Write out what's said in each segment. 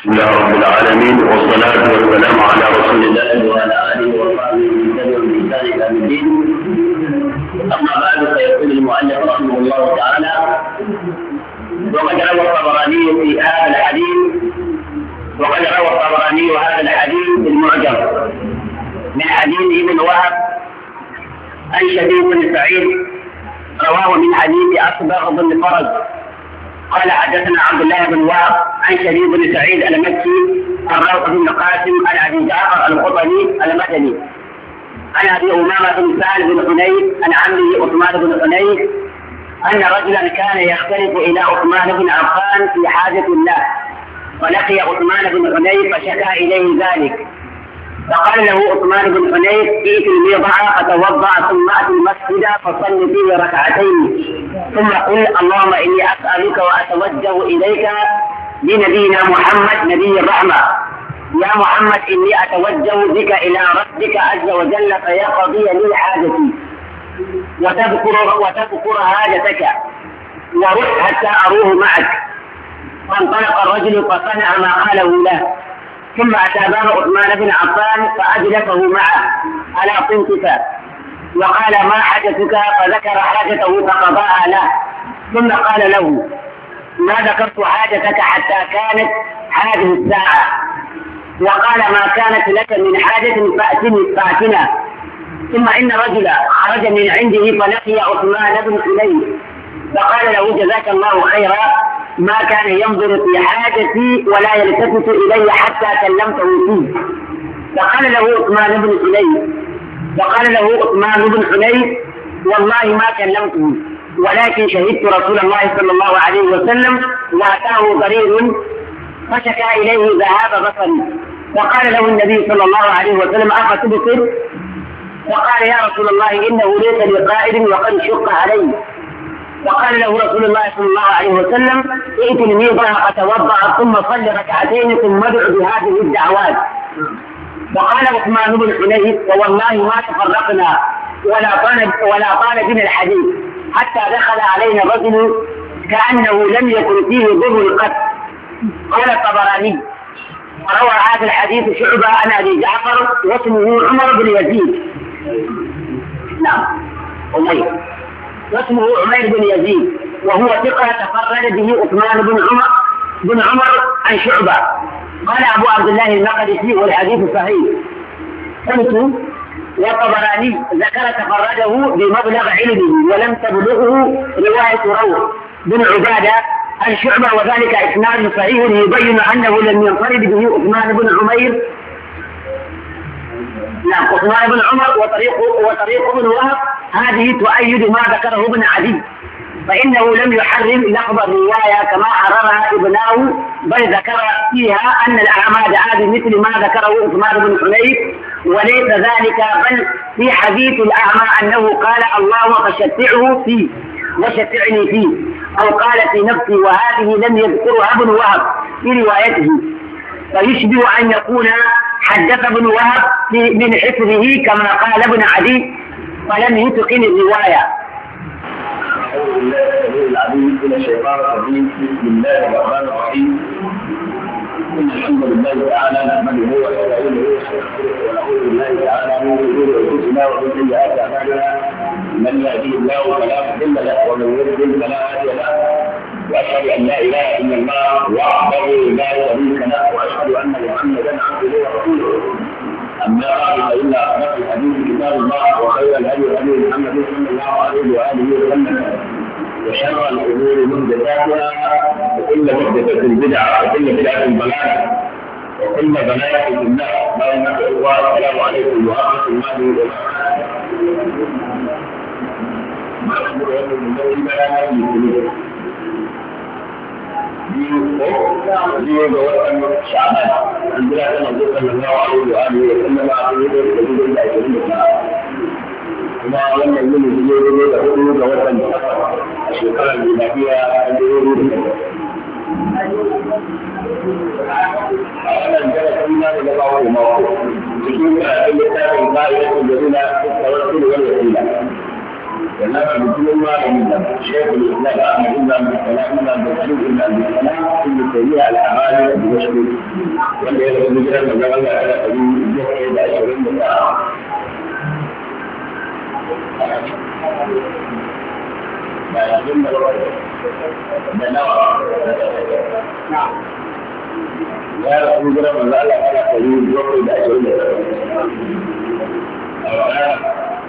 بسم الله رب العالمين والصلاة والسلام على رسول الله وعلى آله وصحبه ومن تبعهم بإحسان الدين أما بعد فيقول المؤلف رحمه الله تعالى وقد روى الطبراني في هذا الحديث وقد روى الطبراني هذا الحديث في المعجم من حديث ابن وهب عن شبيب بن سعيد رواه من حديث أصبغ بن فرج قال حدثنا عبد الله بن واق عن شريف بن سعيد المكي عن روح بن قاسم عن ابي جعفر القطني المدني عن ابي امامه بن سعد بن حنيف عن عمه عثمان بن حنيف ان رجلا كان يختلف الى عثمان بن عفان في حاجه له فلقي عثمان بن حنيف فشكا اليه ذلك فقال له عثمان بن حنيف ائت البضعة فتوضأ ثم أت المسجد فصل فيه ركعتين ثم قل اللهم إني أسألك وأتوجه إليك بنبينا محمد نبي الرحمة يا محمد إني أتوجه بك إلى ربك عز وجل فيقضي لي حاجتي وتذكر وتذكر حاجتك وروح حتى أروه معك فانطلق الرجل فصنع ما قاله له ثم أتاباه عثمان بن عفان فأجلسه معه على صنفك وقال ما حدثك فذكر حاجته فقضاها له ثم قال له ما ذكرت حاجتك حتى كانت هذه الساعة وقال ما كانت لك من حاجة فأتني فأتنا ثم إن رجلا خرج من عنده فلقي عثمان بن حنين فقال له جزاك الله خيرا ما كان ينظر في حاجتي ولا يلتفت الي حتى كلمته فيه فقال له عثمان بن حنيف فقال له عثمان بن حنيف والله ما كلمته ولكن شهدت رسول الله صلى الله عليه وسلم واتاه ضرير فشكا اليه ذهاب بصري فقال له النبي صلى الله عليه وسلم تبصر؟ فقال يا رسول الله انه ليس لقائد وقد شق علي وقال له رسول الله صلى الله عليه وسلم ائت ميضة فتوضا ثم صل ركعتين ثم ادع بهذه الدعوات وقال عثمان بن حنيف ووالله ما تفرقنا ولا طال ولا طال بنا الحديث حتى دخل علينا رجل كأنه لم يكن فيه ضر قط قال الطبراني روى هذا الحديث شعبة عن أبي جعفر واسمه عمر بن يزيد نعم واسمه عمير بن يزيد وهو ثقة تفرد به عثمان بن عمر بن عمر عن شعبة قال أبو عبد الله المقدسي والحديث صحيح قلت والطبراني ذكر تفرده بمبلغ علمه ولم تبلغه رواية روح بن عبادة عن شعبة وذلك إسناد صحيح يبين أنه لم ينفرد به عثمان بن عمير نعم عثمان بن عمر وطريق وطريق ابن وهب هذه تؤيد ما ذكره ابن عدي فإنه لم يحرم لفظ الرواية كما حررها ابناه بل ذكر فيها أن الأعمال عادي مثل ما ذكره عثمان بن حنيف وليس ذلك بل في حديث الأعمى أنه قال اللهم فشتعه فيه وشتعني فيه أو قال في نفسي وهذه لم يذكرها ابن وهب في روايته فيشبه أن يكون حدث ابن وهب من حفظه كما قال ابن عدي ولم يتقن الرواية أعوذ بالله السميع العليم من الشيطان الرجيم بسم الله الرحمن الرحيم إن الحمد لله تعالى نحمده ونستعينه ونستغفره ونعوذ بالله تعالى من شرور ومن سيئات أعمالنا من يهديه الله فلا مضل له ومن يضلل فلا هادي له واشهد ان لا اله الا الله وحده لا شريك له واشهد ان محمدا عبده ورسوله اما بعد فان اصدق الحديث كتاب الله وخير الهدي هدي محمد صلى الله عليه واله وسلم وشر الامور محدثاتها وكل محدثه بدعه وكل بدعه ضلاله وكل بنات في النار بين السلام عليكم ورحمه الله وبركاته. ليه جواب شعبان عند صلى الله عليه واله وسلم عليه وسلم الى عشرين سنه وما لم يكن الجيل الذي يقول جواب الشيطان بما فيها الجيل أعلم جلس فيما لبعض المواقف. يقول في كتاب القائلة الذين تولوا الوسيلة. والنبي بكل ما لم يزل شيخ الاسلام احمد بن عبد السلام بن عبد الحليم بن عبد السلام ابن سريع الاعمال بدمشق واللي يدخل بجنة من جمال على سبيل الجهل الى 20 ساعه. نعم. ya rasu gura manzo Allah kana kari zuwa da ashirin da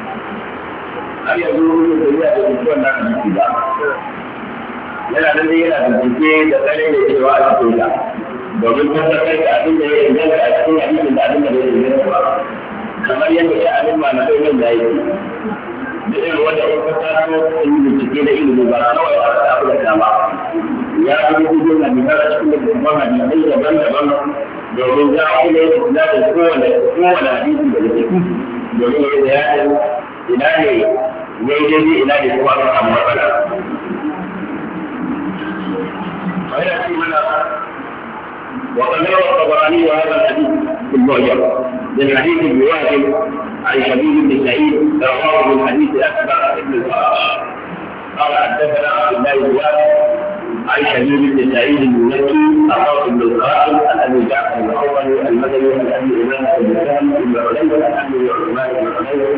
har yanzu wani da ya da mutuwan na da ba yana nan dai yana da da tsare da cewa a cikin ta domin tabbatar da abin da ya inganta a cikin hadisin da abin da ya inganta ba kamar yadda ya abin malamai nan da yake da irin wanda ya fata so a yi bincike da ilimi ba kawai a abu da dama ya fi gudu na bihar a cikin dubban hadisai daban-daban domin za a yi da kowane kowane hadisi da ya domin ya yi ina ne ya yi daidai ina ne kuma aka samu matsala وهنا في منا وقد روى الطبراني هذا الحديث في المعجم من حديث ابن وهب عن شبيب بن سعيد رواه من حديث اكبر ابن الفراش قال حدثنا عبد الله بن وهب عن شبيب بن سعيد بن المكي رواه ابن القاسم عن ابي جعفر الاول المدني عن ابي امام بن سهل بن علي عن ابي عثمان بن علي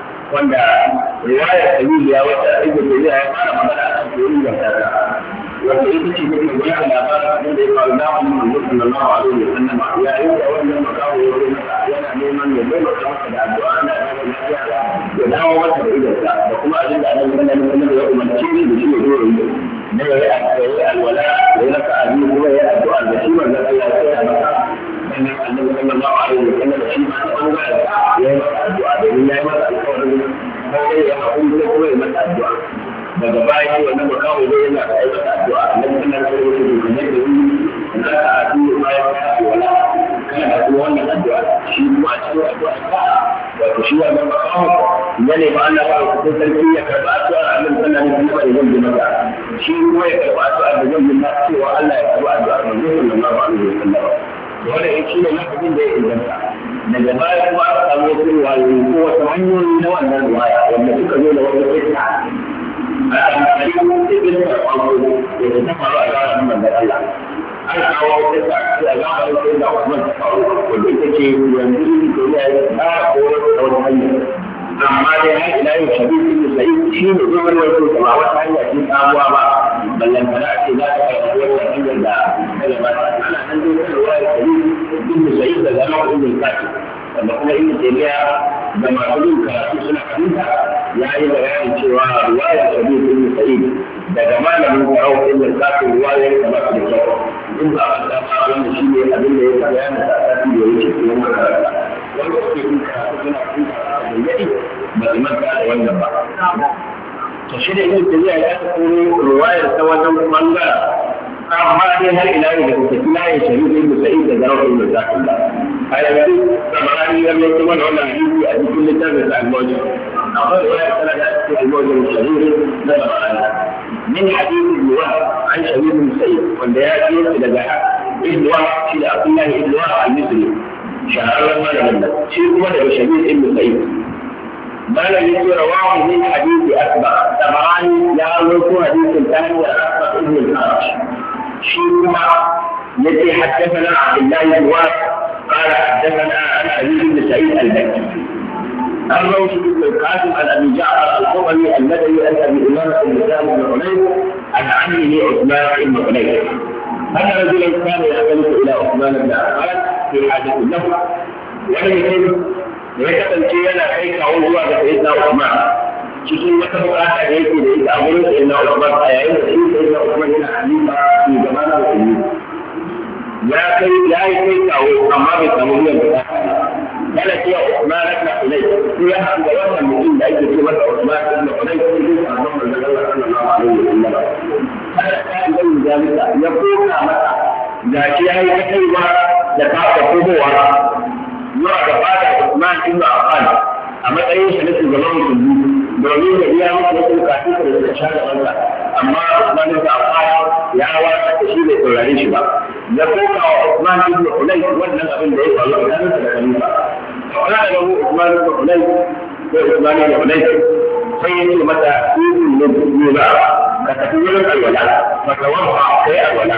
wanda riwayar kabiliya wata ibn ya fara magana a kan ita ce ba da labarin da ya faru da wannan da sallallahu alaihi wa ya yi da wannan makawo ya zo yana neman ya bai masa da addu'a na ya dawo masa da da kuma abin da ya umarci ne da shi ya yi da ya yi alwala da ya raka abin kuma ya addu'a da shi manzon Allah ya tsaya sannan annabi sallallahu alaihi wa sallam shi ma an ya addu'a domin yi kuma wa a cikin ta wanda ya shi ne lafazin da ya inganta daga baya kuma aka samu wasu riwayoyi ko wasu hanyoyi na wannan riwaya wanda suka zo da wata fitna a alƙari ibn farfaɗo da ta faru a zamanin manzon Allah an kawo wata fitna a zamanin sai da Usman ta faru wanda ita ce yanzu ne ko ya ba ko wata hanya amma dai har ila yau shabi bin sa'id shi ne zai warwaito ta ba wata hanya ce sabuwa ba ballan tana a ce za ta karɓi wannan hanyar da kada ba ta ana nan zai karɓi da shabi bin sa'id da zama ko ibn sa'id wanda kuma ibn taymiya da masu yin karatu suna fahimta ya yi bayani cewa ruwayar shabi bin sa'id daga malamin kawo ibn sa'id ruwayar ta ba su da kyau in ba a ta ba wannan shi ne abin da ya bayana ta tafi da yake cikin wannan karatu wanda suke yin karatu suna fahimta a bayyane ba su manta da wannan ba to shi da yin tafiya ya tsoro ruwayar ta wajen bangaren amma dai har ila yau da kuka kila ya shari da ibnu sa'id da zarar ibnu sa'id ba a yanzu samarani ya mai kuma da wannan hadisi a cikin littafin sa al-mawjid akwai ruwayar tana da cikin al-mawjid shahiri na samarani min hadisi ruwa an shari ibnu sa'id wanda ya ce daga ibnu wa shi da abdullahi ibnu wa al-misri shahararren malamin nan shi kuma daga shari ibnu sa'id بل الذي رواه من حديث أكبر تبراني لا ملكو حديث الثاني ورحمة أم الفرج شيما التي حدثنا عبد الله بن واسع قال حدثنا عن علي بن سعيد البكي عن روش بن القاسم عن ابي جعفر الخطبي الذي عن ابي امامه الاسلام بن عمير عن عمه عثمان بن عمير ان رجلا كان يعتمد الى عثمان بن عفان في حاجه له ولم يكن da ya kasance yana kai kawo zuwa ga sayyidina Umar cikin wata bukata da yake da ita a sayyidina Umar a yayin da shi sayyidina Umar yana halifa shugaba na musulmi ya kai ya yi kai kawo amma bai samu biyan bukata yana cewa ya ibn Hulay sai ya haɗu da wannan mutum da ake cewa Usman ibn Hulay ko zai samu manzon Allah sallallahu alaihi wa sallam kada ya yi zai jami'a ya koka masa da shi ya yi kaiwa da ta kokowa zuwa ga fada Usman ibn afan a matsayin shi na shugaban musulmi domin ya biya masa wasu bukatun da suka sha gabansa amma Usman ibn Affan ya wata da shi bai saurare shi ba da koka wa Usman ibn Hulay wannan abin da ya faru a tsakaninsa da Khalifa fa da lahu Usman ibn Hulay da Usman ibn Hulay sai ya ce mata ibn Hulay ka tafi wurin alwala fa tawarfa kai alwala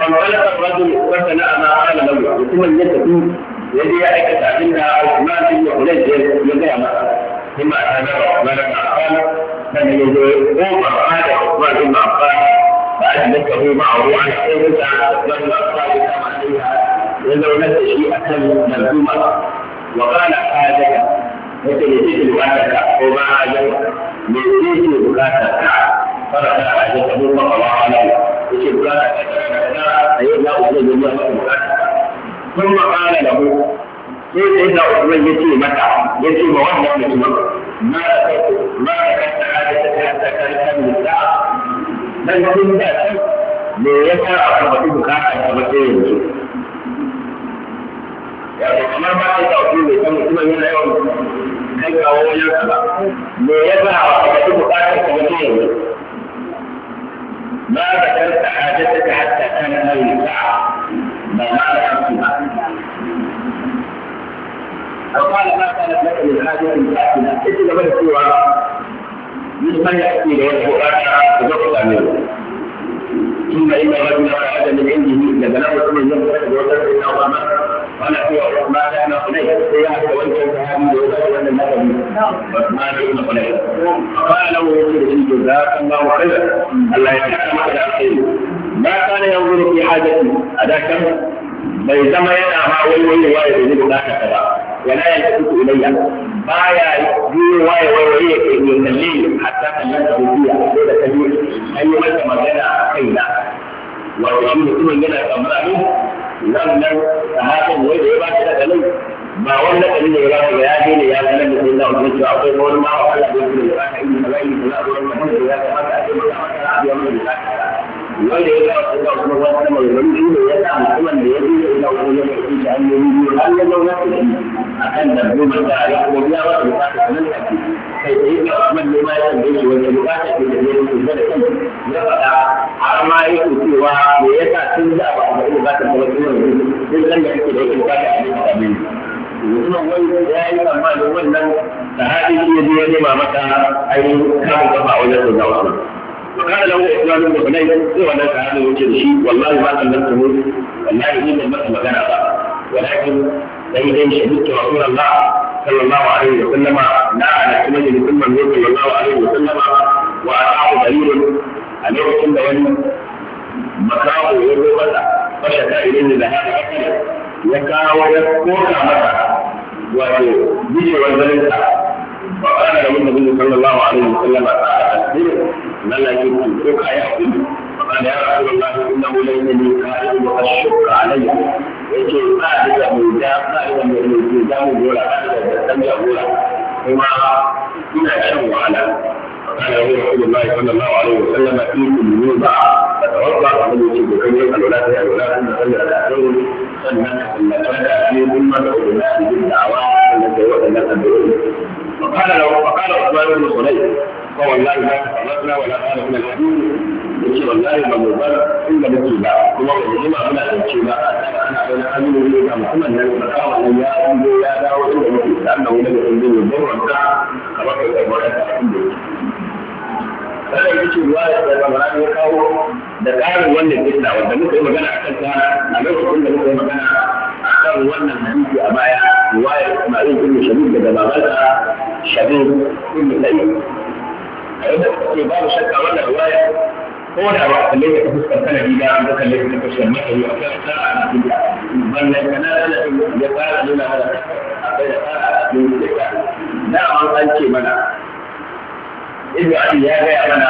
فانطلق الرجل وسمع ما قال له ثم يتبين يدي أيك تعلمنا عثمان بن حليج يدي ثم أتى عثمان بن عفان لم يجد قال عثمان بن عفان فأدركه معه عن حيث عثمان بن عفان ولو نفس شيء ملزوما وقال حاجك مثل يجد الوالد وما عجبك me ce ke bukata ta a yi kamar makawa wani ya ce bukata a yi na uku zai biya maka bukata ba makala da ku sai sai na uku ya ce mata ya ce ma wannan mutumin ma da kai ma da kai ta hada ta ta kai ta mai sa'a dan kun da yasa aka bukata ta ba sai yanzu amma ba a yi ɗauki mai kan mutumin yana yawan kai kawo wajen ka ba me ya sa ba ka tafi buƙatar ka mutum yanzu ما ذكرت حاجتك حتى كان هذه ساعة ما معنى أنت فقال ما كانت لك من حاجة تأتينا إذا بدأت من يأتي له القرآن فقط منه ثم ان الرجل اراد من عنده لبلغه ثم يمسك وترك الى عظمه قال في عثمان بن خليل سياحه وانت ذهبي وذهب من عثمان بن قليل فقال له رسول الله جزاك الله خيرا الا يجعل معك الخير ما كان ينظر في حاجتي اذاك bai zama yana ma waiwaiwa ya zai bukata ta ba yana ya ta su ilayya baya yiwa ya waiwaye ya kai ne kalle hatta kallon ta biya sai da kaje yi magana a na wato shi kuma yana nan nan hakan wai da ya ba shi da kalai ba wanda kalli ne ya ba ya ne ya ga nan da sai ya ce akwai wani ma Allah ya ba ka yi ba ka ba ka yi ba ka ba ka yi ba ka ba ka yi ba ka ba ka wani ba ya ba ka yi ba ka ba ka yi ba ba ka yi ba ka ba ka ba ba ka ba ya ba ka ba ba ka ba ba ka ba ba ka ba ba ka ba ya ba ka wanda ya kawo kuka kuma wata mai wani shi ne ya sa mutumin da ya fi da ita ko ya kai shi an yi biyu an yi zauna da shi a kan dabbobin ta ya kuma biya wata bukata ta nan take kai sai ya kuma ne ma ya tambaye shi wata bukata ce da ya rufe da kai ya faɗa har ma ya ke cewa me ya sa tun za a ba a bari bukata ta wata yanzu duk nan da kake da yake bukata a nan da bai mutumin wani ya yi tsammanin wannan sahabi shi ya je ya nema maka ainihin kamun kafa wajen da za قال له عثمان بن حنين sai wannan sahabi yake da shi wallahi ma sallantu mu wallahi ni ban masa magana ba walakin dai dai shahidtu rasulullah sallallahu alaihi wa sallam na ala sunnati musamman ne sallallahu alaihi wa sallam wa ata'u dalilun a lokacin da wani makawo ya zo masa fashe ta idan da hada ya kawo ya koka masa wato bijewar zalinsa فقال له النبي صلى الله عليه وسلم أخبره ملك تلقى يحكم قال يا رسول الله انه ليس لي قائد واشق علي يجي قائد ابو جاب قائد ابو جاب ولا قائد تسمي ولا وما كنا شر على فقال له رسول الله صلى الله عليه وسلم فيكم يوضع فتوضا ومن يجيب كم يسال ولا تسال ولا تسال ولا تسال سنه ان تبدا في ثم تقول لا تجد دعوات التي وصلت فقال له فقال عثمان بن صليح fa wallahi la tafarrana wa la ta'ala min al-hadith yace wallahi ba mu bar inda muke ba kuma ba mu ma muna zance ba ana da aminu ne ga musamman nan da kawai ya zo ya dawo inda muke da Allah wani da inda ne borwanta kamar ya kawo da ƙarin wannan fitna wanda muka yi magana a kan ta a lokacin da muka yi magana a kan wannan hadisi a baya ruwa da Ismail ibn Shabib daga babansa Shabib ibn Sa'id a yadda suke babu shakka wannan ruwaya ko da ba kalle ta fuskar sanadi da an kalle ka fuskar masari a kan sa'a a cikin wannan kana da ya fara nuna mana akwai da sa'a a cikin da ya da an ce mana ibnu ali ya gaya mana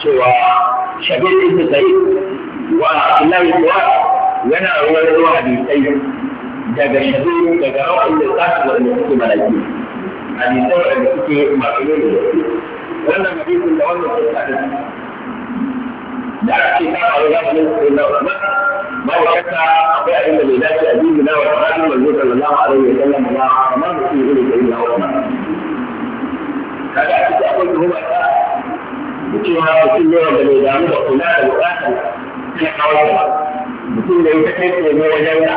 cewa shabir ibn sa'id wa abdullahi wa yana ruwan ruwa hadisai daga shabir daga rawar da sa'a wanda suke malaki hadisai wanda suke masu nuna da wannan hadisin da wannan sun da da ake ta a wajen wani sai na Usman babu shakka akwai abin da bai dace a jini na wa da manzo a alaihi wa sallam ba kamar mutum ya irin sai na Usman kaga ake ta akwai tuhuma ta cewa mutum ne wanda bai damu da kula da bukatar sai kawai ba mutum ne ya kai ne wajen da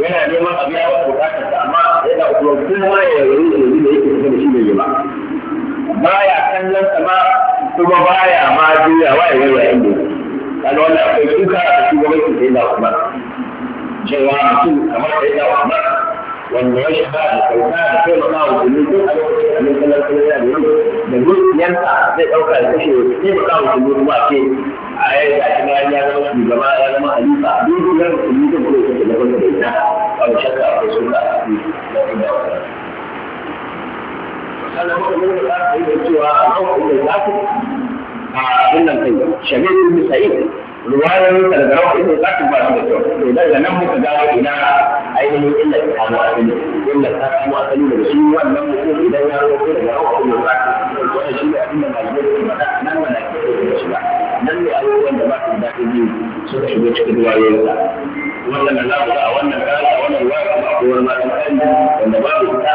yana neman a biya wa bukatar amma yana kuma kowa ya yi da yake shi bai yi ba baya kallon sama kuma baya ma juyawa wa yi yayin da Kana wannan akwai duka a shugabancin sai da Umar cewa mutum kamar sai da wanda ya shiga da kauta da kai ma wa jini duk a lokacin da kallon kallon yana da yi da zuciyarsa zai ɗauka da kashe sai maka wa jini kuma ke a yi da shi ma ya zama gaba ya zama halifa duk da su duk da kuma ya kashe da kallon da da ba mu shakka da a cikin da Umar sannan muka nuna ka yi a kuma kai sa'id ruwayar da daga rawa ibn sa'id ba da kyau to daga nan muka gano ina ainihin illa ta kamo asali illa ta kamo asali daga shi wannan mutum idan ya zo ko daga rawa ibn sa'id wannan shi ne abin da malamai ke faɗa nan mana ke da shi ba nan ne abubuwan da ba su da daɗin yi suka shigo cikin ruwayoyinsa wannan na za mu ga a wannan rana a wannan ruwaya kuma akwai wani masu wanda ba su fita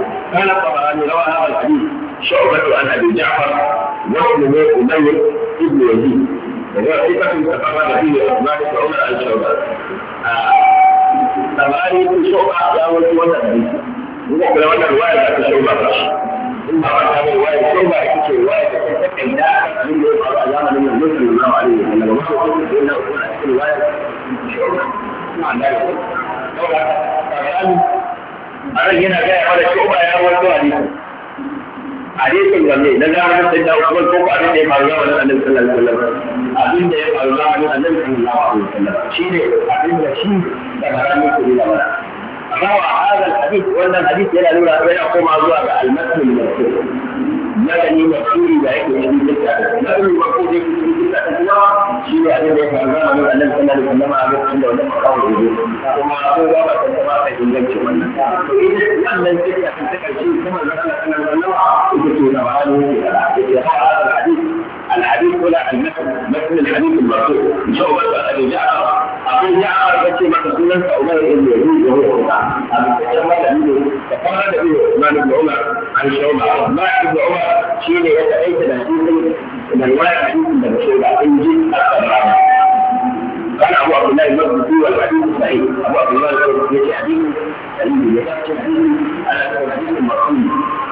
قال الطبراني روى هذا الحديث شعبة عن أبي جعفر وابنه أمير ابن يزيد وهو ثقة تفرد فيه عثمان بن عمر عن شعبة الطبراني في شعبة لا ولد ولا حديث هو كل واحد رواية في شعبة ثم رجع رواية شعبة في رواية تتكلم لا من يقرأ علامة من النبي صلى الله عليه وسلم وهو إنه رواية شعبة مع ذلك a nan yana gaya mana shuba ya rawaito hadisin hadisin game na zamanin sai da Usman ko abin da ya faru zamanin Annabi sallallahu alaihi wasallam abin da ya faru zamanin Annabi sallallahu alaihi wasallam shine abin da shi da haramun ku da mana amma wa hadal hadith wannan hadith yana nuna sai ya koma zuwa ga al-masjid al-masjid magani da turi da yake yi duk da haka na ruwa ko dai ku duk da kuma shi ne abin da ya faru a nan annabi sallallahu da wasallam a lokacin da wannan makawo ya zo kuma ko ba ba ta ba ta inganci wannan to idan wannan take a cikin kashi kuma zaka sanar da nawa kuke da wani da ya fara da hadisi الحديث ولا المثل مثل الحديث المرفوع الله أبي جعفر ابو جعفر بشي ما تقولن فأمر إن يزيد وهو ابو جعفر فقال النبي عثمان بن عمر عن شعبة ما بن عمر شيء يتأيت حديث من رواية من شعبة إن جئت قال ابو عبد الله المقدسي والحديث صحيح ابو عبد الله المقدسي حديث سليم يحكي على حديث مرحوم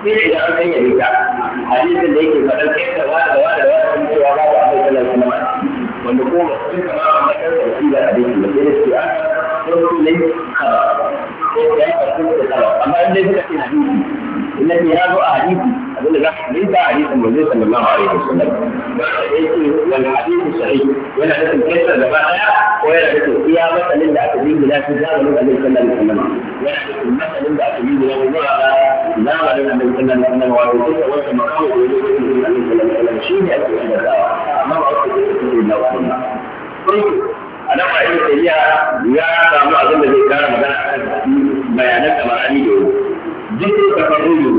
sai da idan an sanya riga hadisin da yake faɗar kai wa da wa da wa sun cewa babu a kai sallar kuma wanda ko ba sun kama a matsayin sauki da hadisi da sai da su a ko su ne kaba sai da ya karfi da kaba amma in dai suka ce hadisi التي هذا أحاديث أقول لك ليس حديث النبي صلى الله عليه وسلم والحديث صحيح ولا لكن كيف زمانا ولا لكن يا مثل إلا بلا سجارة من النبي صلى الله عليه وسلم ولا لكن مثل إلا أتبين بلا سجارة لا غير النبي صلى الله عليه وسلم وعلى وجه مقام النبي صلى الله عليه وسلم شيء يأتي عند الدعوة ما أقصد إلا وسلم ana fa'in da ya ya samu abin da zai kara magana a kan bayanan da ma'ani jiri da faruru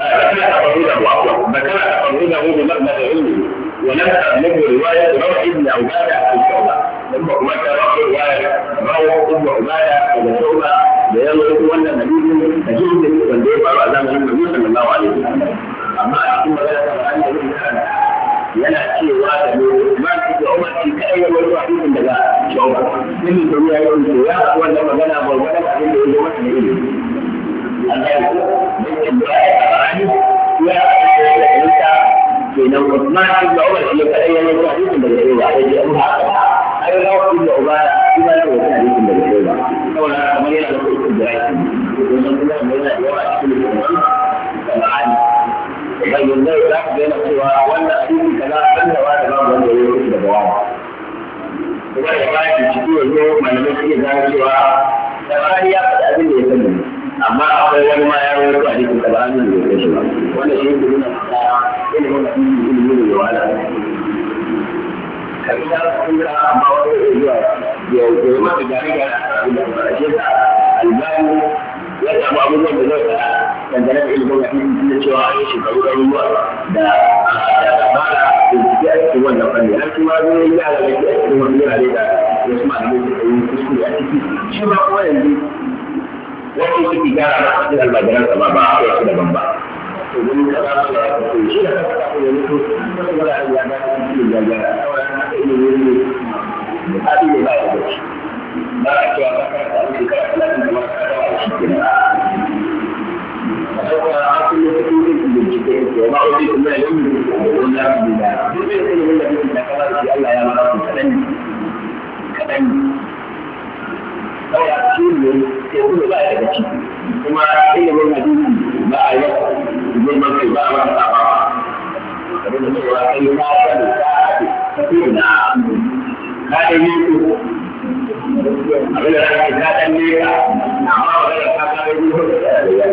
a eh, kana da faruru da wako da kana da faruru da wuri na da wuri wannan ta nuna riwaya da rawa a cikin dan ba kuma ta rawa riwaya rawa ibn al-Ubada a cikin Allah da ya rawa wannan hadisi da jiri da ban da ba zan yi ba sallallahu alaihi wasallam amma a cikin magana ta Allah ya yi yana cewa da ne ma shi da Umar shi ya rawa hadisin daga Shawwa, ini to ya yi wani ya wannan magana ba wani abin da ya zo mata Allah ya da kenan Usman ibn ya da a cikin yanzu malamai suke cewa da ya faɗi abin da ya amma akwai wani ma ya rawaito hadisi da ba nan da yake ba wanda shi yake nuna maka ilimin addini ilimi ne da wala kamin ya kunga amma wani yi zuwa ya yi masa gari gari a shi ta albani ya samu abubuwan da zai faɗa dangane da ilimin da cewa yi da dabara bincike a cikin wannan fanni har kuma zai yi yara da ke a cikin wani yare da wasu malamai yi kuskure a ciki shi kuma yanzu wani suke gyara masa cikin almajiran sa ma ba a kai su daban ba to wani da kafa ya mutu wala ya da da a da da da da da da da da shi ne sai kuma ba ya daga ciki kuma ilimin hadisi ba a yau girman kai ba a ba ba kamar da cewa kai na san ta fi na ka da yi ku abin da zaka ka dan ne ka amma ba da ka ka yi ku da ya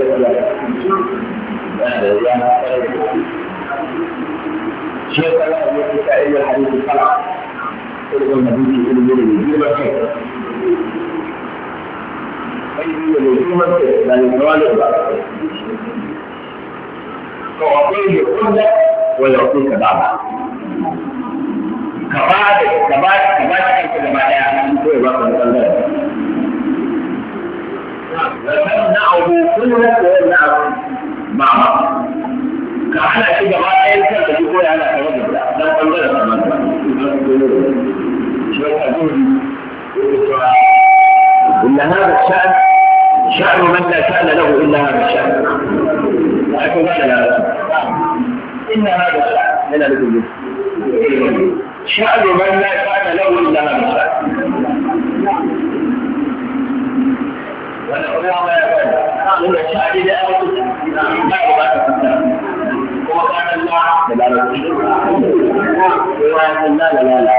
ya na da shi ka ya ta ilimin kala فأعطيه الحجة ويعطيك بعضها كبعض كبعض كبعض كنت لما لا أنت يبقى مثلا فتمنعه كلك ويمنعه مع بعض كحنا كده ما يمكن أن يقول أنا كرجل لا لا تنظر شو تقول؟ إن هذا الشأن شأن من لا شأن له إلا هذا الشأن أكون هذا إن هذا الشأن هنا لكم شأن من لا شأن له إلا هذا الشأن ولا يقول إن شأن لا أرد وكان الله لا لا لا لا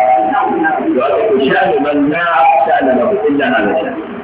يؤكد من لا شأن له إلا هذا الشأن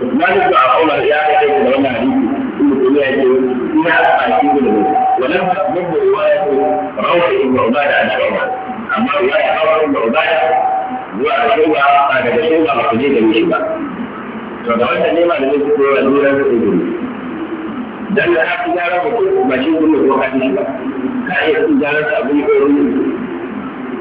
mali ko a kola ya ka kai da wannan hadisi in ko ne ya ce ina a cikin gudu wannan mun bo wa ya ko rawai ibn ubada an shawara amma ya ka rawai ibn ubada zuwa ga shuga a ga shuga ba ku je da shi ba to da wannan ne ma da zai ko ya zura su ido dan da haka ya rawai ko ba shi gudu ko hadisi ba ka iya cin jarar abin ko ruwa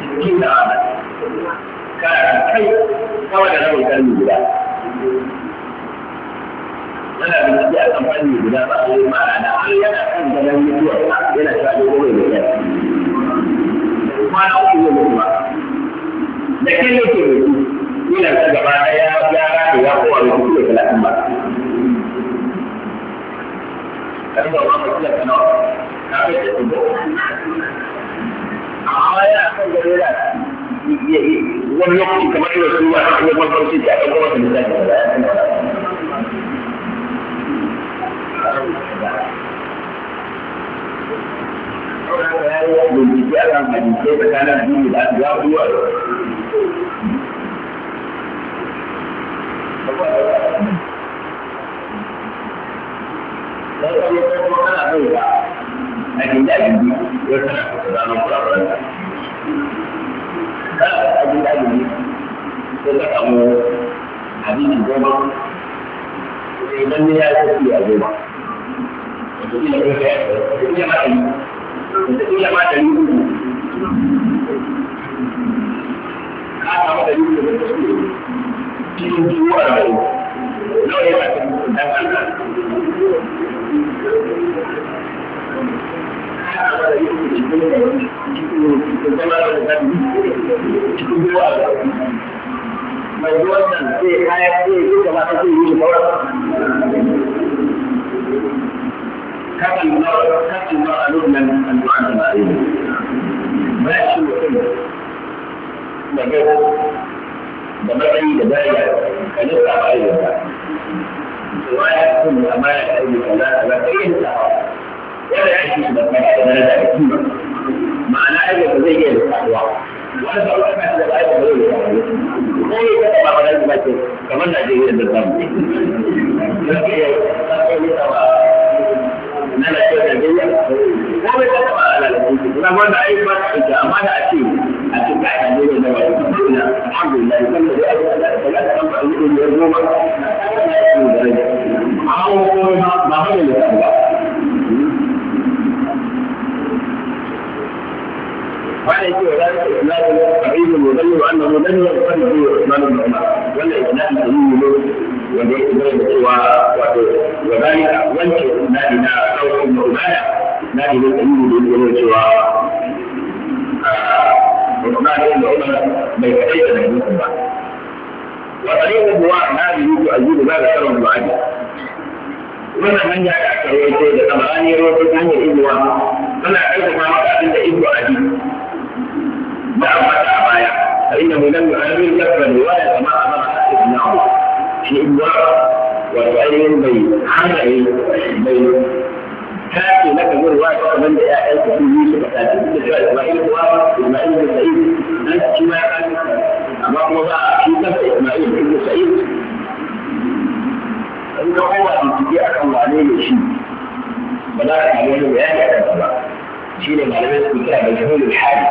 cikin da kai sama da rabin karni guda yana bincike a kan fanni guda ba a yi ma'ana an yana kan gaban mutuwa yana cewa da gobe da yau kwana uku ne mutu da kai ne ke mutu yana su gaba ya rage ya kowa da kuɗi da talatin ba kan ba ma kanawa na da kuɗi ya kan gare da wani lokaci kamar yau su ba su kuma farko da ɗan kuma sun zai da ya kuma bincike a kan hadisai tsakanin biyu da aka ya kuwa Thank you. အဲ့ဒီတိုင်းဒီဝိသနာကိုသာလုံးပြောတာ báyà ajúdá yìí ṣe bá àwọn àbí ìjọba ìjọba ní ayé ti àgbẹ̀ wa ìjọba ní ẹgbẹ́ ìjọba ní ẹgbẹ́ ìjọba ní ẹgbẹ́ ìjọba Káàkiri àwọn kí ló ti wà láyé lọ́yẹ̀ àti ìṣẹ̀lẹ̀ dáadáa. mai ruwan nan zai kaya zai yi gaba ta zai yi sauran kakan mara kakan mara lokacin al'adun da ma'ari ba shi mutum da gaba da matsayi da dariya ka nufa ba yi da ba. Wa ya kuma amma ya tsaye da kaza kaza kai yin sa'a ma'ana aibata zai iya lissafuwa wani ba wani mai da ba aibata zai lissafuwa ko yi kasa ba ba da ce kamar Najeriya da zamu ce. ke yau, ta kai nisa ba na lafiyar Najeriya, ko bai kasa ba ala lafiya. Kuna wanda ai ba ta ita amma da a ce a ce ka yi Najeriya da ba ta ina alhamdulillah kan da dai Allah ta ga ta ba ni da goma. Amma ko ba ba ba ne da bayan yake wa zai ce ina da yau a ɗaya da mu wannan mu dani ya fara biyu da sunan mu ma wanda ya kina da yi ne wanda ya kuma da cewa wato wa zai ka wanke na ina sauran mu na ya na ina da yi ne da kuma cewa na ne da wani mai kaɗai da mai ba. Wasari ne kuwa na da yi ne a yi da da sauran mu ba wannan hanya ya karo ce da zama ranar rotu ta hanyar izuwa suna karfafa mata abin da izuwa a نعم بيان فإنه لم يعامل يقبل رواية ما أمر ابن عمر في إمرأة وتعين بين حمل بين هاتي لك من رواية من آيات في يوسف إسماعيل وإسماعيل بن سعيد أنت أمر في نفس إسماعيل بن سعيد إنه هو الذي أكرم عليه شيء فلا يعلم بآية الله شيء معلومات كتاب الحول الحالي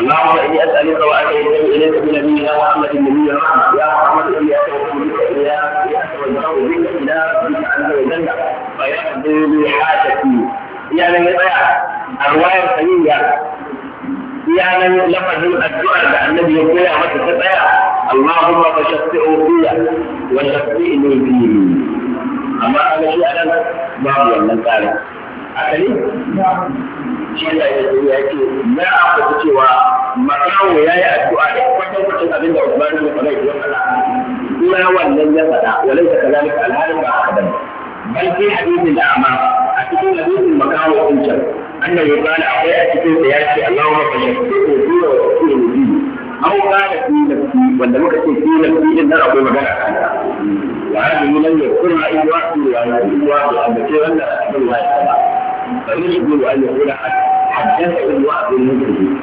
اللهم اني اسالك واتيتني اليك بنبينا محمد النبي الرحمه يا محمد اني اتوكلك اليك واتوجه بك الى ربك عز وجل فيقضي لي حاجتي يعني الروايه الصحيحه يعني لقد الدعاء الذي يقول يا اللهم فشفعه فيا وشفعني فيه اما a ga shi a من ذلك wannan tsarin. Akali? shi ya zo ya ce na akwai cewa makawo ya yi addu'a da kwatankwacin abin da Usman ibn Affan ya faɗa kuma wannan ya faɗa walai ta kazalika alhalin ba haka bane bal fi da amma, a cikin hadithin makawo din can annabi ya akwai a cikin ya ce Allahumma fashfihu bi wa rasuluhu أو قال في نفسي ولا ممكن في نفسي إن أنا أبو مجال وهذه لم يذكرها إلا واحد ولا إلا واحد أن كيف أن أحد الله فيجبر ان يقول حتى يكون واحد منهم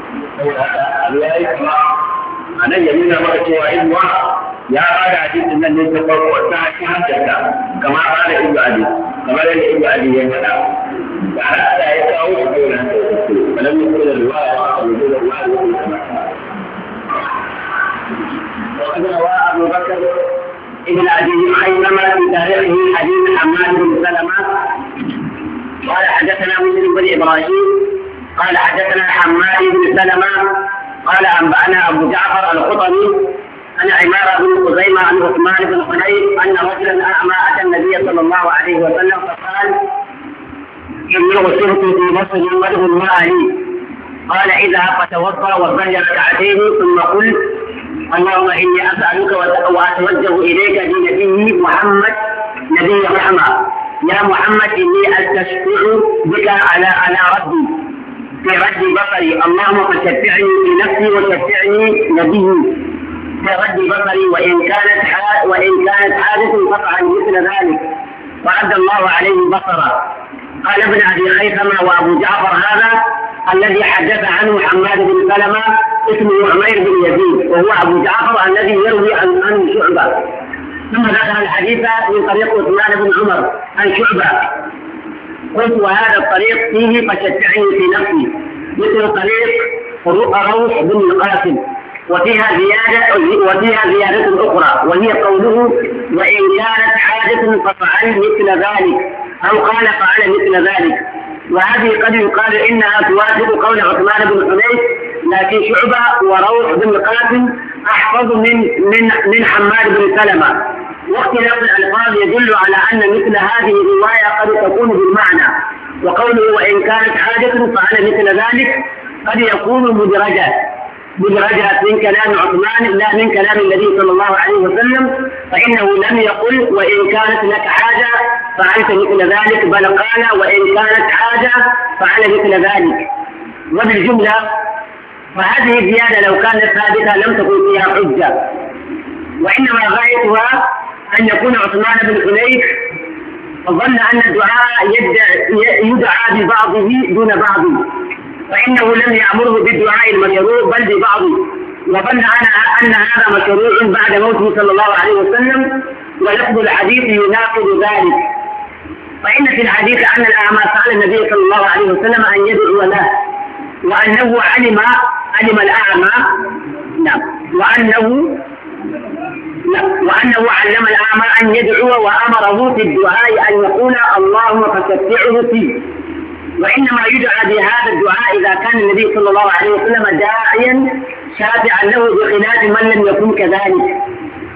أنا يسمع ما هو إن وا يا أبا عزيز إن الناس قالوا وساك هذا كما قال إبن عزيز كما قال إبن عزيز يا هذا على هذا يتأوي بين فلم يقول الوا يقول الوا يقول الوا وأنا وأبو بكر ابن عزيز أيضا في تاريخه حديث حماد بن سلمة قال حدثنا مسلم بن ابراهيم قال حدثنا حماد بن سلمه قال انبانا ابو جعفر القطني عن عمارة بن خزيمة عن عثمان بن حنيف أن رجلا أعمى أتى النبي صلى الله عليه وسلم فقال إني غسلت في مصر وله الماء لي قال إذا فتوضأ وصلي ركعتين ثم قل اللهم إني أسألك وأتوجه إليك بنبي محمد نبي الرحمة يا محمد إني أستشفع بك على على ربي في رد بصري اللهم فشفعني في نفسي وشفعني نبيه في رد بصري وإن كانت وإن كانت حادث قطعا مثل ذلك فرد الله عليه بصره قال ابن أبي خيثمة وأبو جعفر هذا الذي حدث عنه حماد بن سلمة اسمه عمير بن يزيد وهو أبو جعفر الذي يروي عن شعبة ثم ذكر الحديث من طريق عثمان بن عمر عن شعبة قلت وهذا الطريق فيه قد في نفسي مثل طريق روح بن القاسم وفيها زيادة وفيها زيادة أخرى وهي قوله وإن كانت حاجة ففعل مثل ذلك أو قال فعل مثل ذلك وهذه قد يقال انها توافق قول عثمان بن حنيف لكن شعبه وروح بن القاسم احفظ من من من حماد بن سلمه واختلاف الالفاظ يدل على ان مثل هذه الروايه قد تكون بالمعنى وقوله وان كانت حاجه فعل مثل ذلك قد يكون مدرجا بمراجعة من كلام عثمان لا من كلام النبي صلى الله عليه وسلم فإنه لم يقل وإن كانت لك حاجة فعلت مثل ذلك بل قال وإن كانت حاجة فعل مثل ذلك وبالجملة فهذه الزيادة لو كانت ثابتة لم تكن فيها حجة وإنما غايتها أن يكون عثمان بن حنيف ظن أن الدعاء يدعى, يدعى ببعضه دون بعضه فإنه لم يأمره بالدعاء المشروع بل ببعضه وظن أن هذا مشروع بعد موته صلى الله عليه وسلم ولفظ الحديث يناقض ذلك فإن في الحديث أن الأعمى سأل النبي صلى الله عليه وسلم أن يدعو له وأنه علم علم الأعمى نعم وأنه لا. نعم، وأنه علم الأعمى أن يدعو وأمره في الدعاء أن يقول اللهم فشفعه فيه وإنما يدعى بهذا الدعاء إذا كان النبي صلى الله عليه وسلم داعيا شافعا له بخلاف من لم يكن كذلك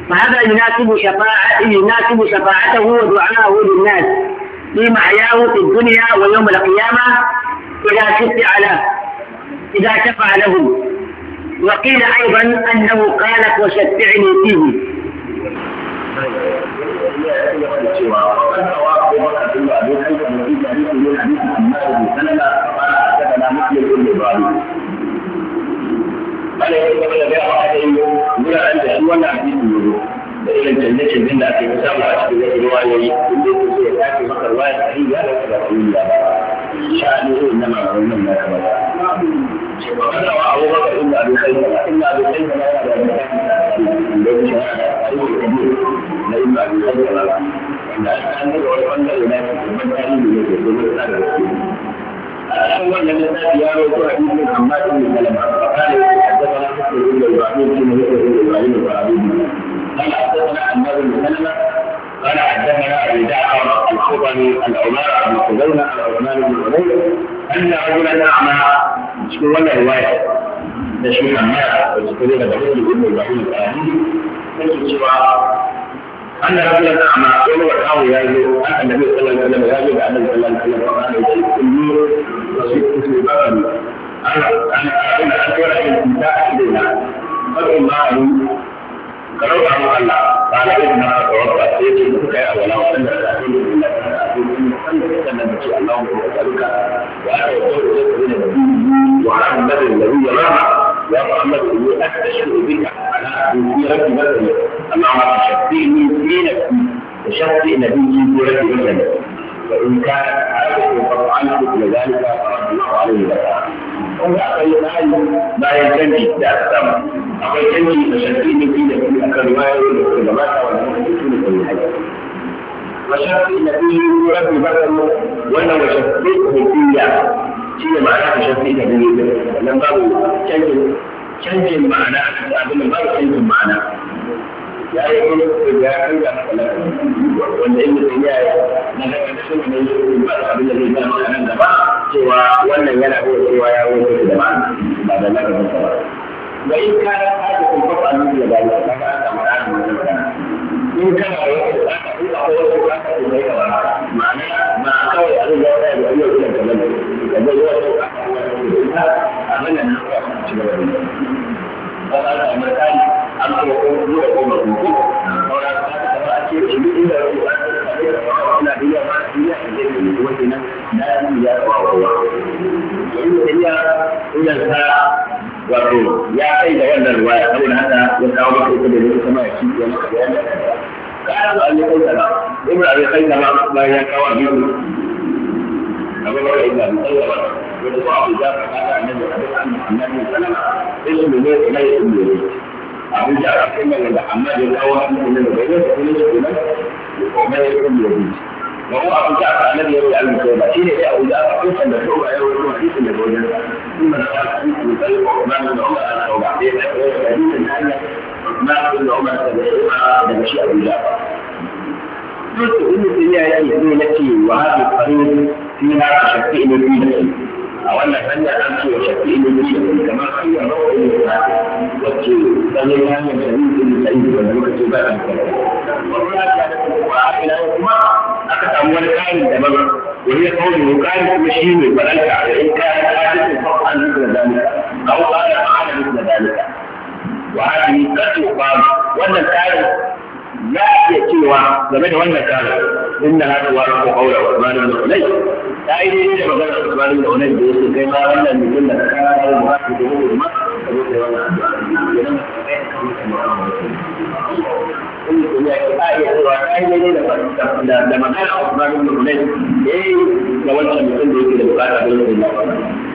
فهذا يناسب شفاعة يناسب شفاعته ودعاءه للناس في محياه في الدنيا ويوم القيامة إذا شفع له إذا شفع له وقيل أيضا أنه قالت وشفعني فيه tafiya ya ci da cewa kan kawa akwai maka tunda a duk aika da wajen jari su ne hadisi amma da bai sanana kamar a saka na mutum yin da ba ne. Bale ya gaba da gaya wa aka yi wuraren da shi wannan hadisi ne da irin canje-canjen da aka yi samu a cikin wasu ruwayoyi inda ya ce ya ce maka ruwaya a yi ya da wata da ruwaya ba. Sha'ani irin na malamin nan ya kamata. Wanda wa abubakar inda abin kai inda abin kai yana da abin kai da abin kai na yi ba da ya ba wanda an daga wani bangare na shi kuma tarihi ne da gobe na da su a kan wannan da tafi ya roƙo a cikin amma shi kalama a kare a zama na suke yi da ba ne shi ne yi da ba ne ba abin ne kana a zama na amma da kalama قال حدثنا ابي جعفر الخطبي العمار بن خزيمه عن عثمان بن عبيد ان رجلا اعمى شكو ولا روايه تشويه عمار ويذكرون بعيد بن بعيد الآمين فكتشوا أن رجلا أعمى وهو يدعو يهجر أن النبي صلى الله عليه وسلم يهجر أن النبي صلى الله عليه وسلم قال إليه كل وصفته بطل أنا أنا أنا أشعر أن النساء أحدنا فضل الله كرمه الله قال إنما تعرف سيدي بك ولا وصلت أقول إلا أقول إن محمد صلى الله عليه وسلم اللهم أسألك وأنا أقول لك من النبي وعلى النبي الذي يراه يا محمد إني أستشهد بك على مسيرة بدني أمام تشبهني في نفسي وشخص نبيي في رد بدني وإن كانت عادة فقد علمت ذلك رد الله عليه وسلم ولا الآن لا ينتهي تأثم أقول تنجي تشبهني في نفسي كرواية والعلماء والمحدثون في الحياة وشخص نبي في رد بدني وأنا وشخصه فيا shi ne ma'ana ka shafi da gani nan babu canjin canjin ma'ana abin nan babu canjin ma'ana ya yi kuma ya kan ga wanda in mutum ya yi na ga kashin da ya yi ba da abin da zai gama a nan gaba cewa wannan yana iya cewa ya wuce da ba, ba da nan gaba ba. Wa in kana ka da kuma ba da ba da ka ta an samu ranar wannan in kana da wata bukata ko akwai wata bukata ko mai kamar haka ma'ana ba kawai abin da wata da iya kiran kamar da ka zai wata bukata ko wata bukata abin da na kwa ci gaba da yi ba za ta amurka ne an kuma ko zuwa ko ma ko saura ba ta kama a ce shi inda wani bukata ta kare da wani duniya ba duniya ta zai da kuma kenan na yi ya kwa kowa. Yanzu da iya iya sa wato ya kai da wannan ruwa saboda haka ya kawo maka ita da zai sama shi ya maka bayani kana da Allah kai da ibn abi khayda ma bayan ya kawo abin abu ba ya da tsawaba wanda ko abu da ka da annabi annabi sallama ne ila ismu ne abu da aka kai da amma da kawo annabi ne da ya kawo ne da kuma ya kawo ne وهو ابو جعفر الذي يروي عن مسلمة حين جاء ابو جعفر حديثا مدعوة يروي حديثا مدعوة ثم نقال حديث مسلم عثمان بن عمر انا وبعدين حديث ان عثمان بن عمر تبعهما بمشيئة ابو جعفر قلت ابن تيمية يعني يقول نفسي وهذه الطريق فيها تشفئني في نفسي a wannan hanya an ce wa shafi ilimi da kamar hanyar rawar da ta wacce tsanin hanyar da zai yi da aiki wanda muka ce ba a kai. Wani ya ce da kuma a ina kuma aka samu wani ƙarin da maza wani ya kawo da ƙarin kuma shi ne balanta a yayin kayan ƙarfin farko an zuba da zalika. Kawo ƙarin a hana da zalika. Wa hadi kasu ba wannan ƙarin za a iya cewa game da wannan kala inda na tuwa ko kaula Usman ibn Ulay ta yi daidai da maganar Usman ibn Ulay da yake kai ma wannan mutum da ka kawo da ba da mu ma ka zo kai wannan addu'a idan kai ka mutu ma in ya ki a iya cewa ta yi daidai da da maganar Usman ibn Ulay eh ga wannan mutum da yake da bukata da yake da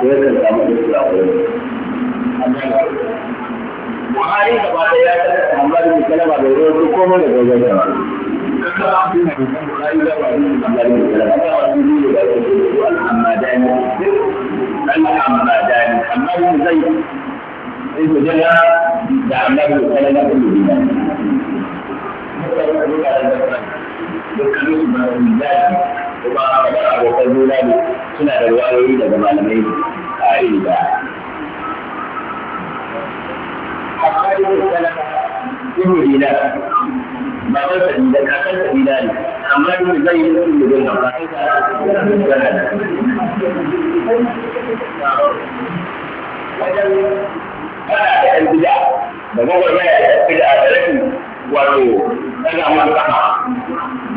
to yakan samu da kurakurai Buhari da ba ya tsara tambar da da ruwa da da ba da kalma da ruwa da al yin da ba su da kuma kamar abokan juna ne suna da ruwayoyi daga malamai a iri da Ibn Dinar, baban sa Dinar, kakan sa Dinar ne, amma Ibn zai yi mutum da zai hauka. Wajen ana da ɗan bida, da gwagwarmaya da bida da rashin wato ɗaga mun sama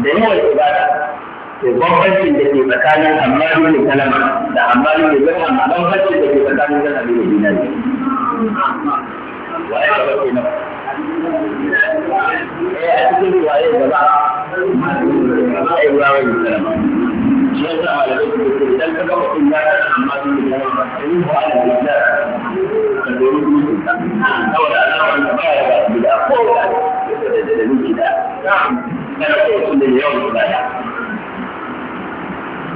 da yawan ibada to bambancin da ke tsakanin hammalu ne kalama da hammalu ne zama bambancin da ke tsakanin zan abin da dinari waye gaba ke nan eh a cikin waye gaba ai wawa ne kalama shi yasa malamai su ce idan ka ga mutum ya san hammalu ne kalama in ba da dinda ka dori mutum saboda alaman da ba ya da ko da da da da da da da da da da da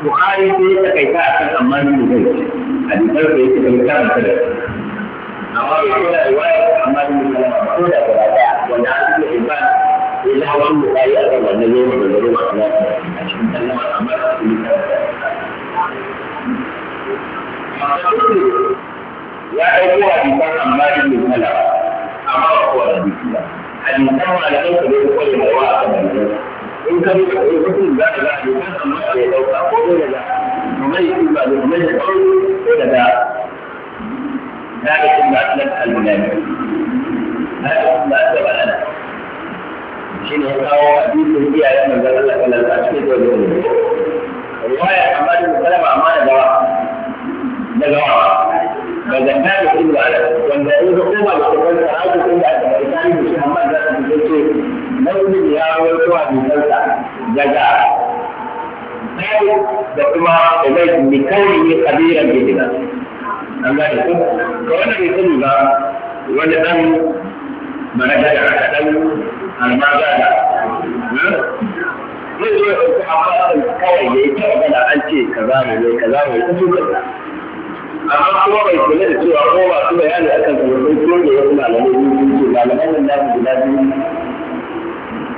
Bukhari sai ya takaita a kan tsammanin da zai hadisan da yake bai karanta da amma bai kula da wayar tsammanin da zai ba ko da gaba daya wanda an fi ibban sai na wani Bukhari a kan wannan yau da zai masu a cikin sallama amma da su yi karanta ya ɗauko hadisan tsammanin da zai amma ba kowa da zai hadisan malamai su bai kware da yawa a kan hadisan ولكن ما أسلمت المنام هذا ما أسلمت المنام شنو هو أبيت الهدية لما قال أن الأسكت والجنة هو يا حمد المسلم أمان دواء دواء فإذا على وإذا يقول على وإذا كان يقول على وإذا على وإذا كان مسلم يا ويتو حديثا دجا ذلك دكما ne بكونه كبيرا جدا أما mara كون يقول ولدن مرجع كدن المغادة zai zo ya ɗauki amalan kawai ya yi ta an ce kaza ne ne kaza ne ta tuka amma kuma bai kula da cewa ko masu bayani akan kuma sun kiro da wasu malamai sun ce malaman nan da su guda biyu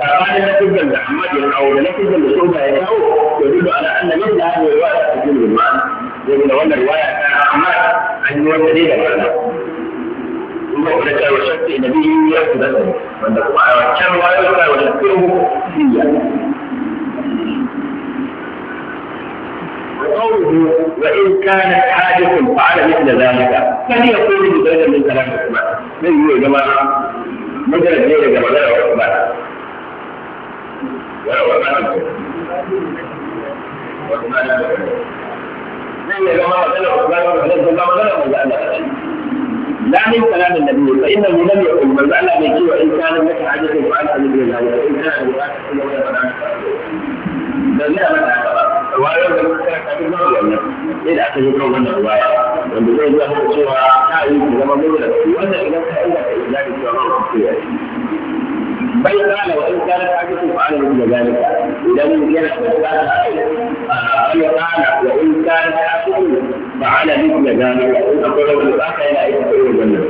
sabanin lafizan da Ahmad ya kawo da lafizan da Shoba ya kawo ya duba ala anna min da hadhihi riwaya tajin bil ma'ana zai nuna wannan riwaya ta Ahmad an yi wata ne da ma'ana in ba ku da cewa shakka da bi ya ku da sani wanda kuma a wancan riwaya ya kawo da kirmu siya وقوله وإن كانت حادث فعل مثل ذلك فليقول بغير من كلام عثمان. من يقول يا جماعة مجرد ليه يا جماعة zai ya zama magana Usman ba zai zama magana manzo Allah ba la min kalamin nabi fa inna hu lam yaqul manzo Allah bai ce wa in kana maka hajatu fa anta bi Allah wa in kana da wata kuma wala ba da ne ba da ba ruwaya da kuka kafin ba wannan sai da aka yi kan wannan ruwaya wanda zai zuwa cewa ta yi zama mai da wannan idan ka aika ka yi zaki cewa ba ku ce بل قال وان كانت حاجته فعل مثل ذلك اذا كانت بل قال وان كانت حاجته فعل مثل ذلك فقل له باك الى ان تكون الجنه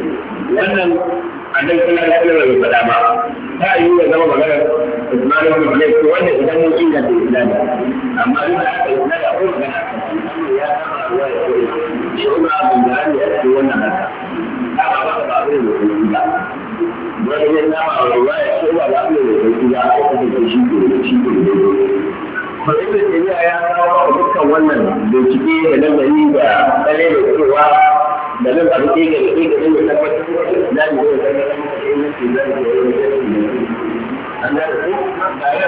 لان النبي صلى الله عليه وسلم bai faɗa ba ta yi ya zama magana Usman ibn Malik to wanda idan mun inda da Islam amma duk da haka Islam ya ko magana ya zama ruwa ya ko shi Umar bin Zahir ya ce wannan haka amma ba ba abin da ya yi ba wani zai a ruwa ya ba za mu da sauki ba a da da da ya kawo dukkan wannan bincike da nazari da tsare da da ke da da shi da da yake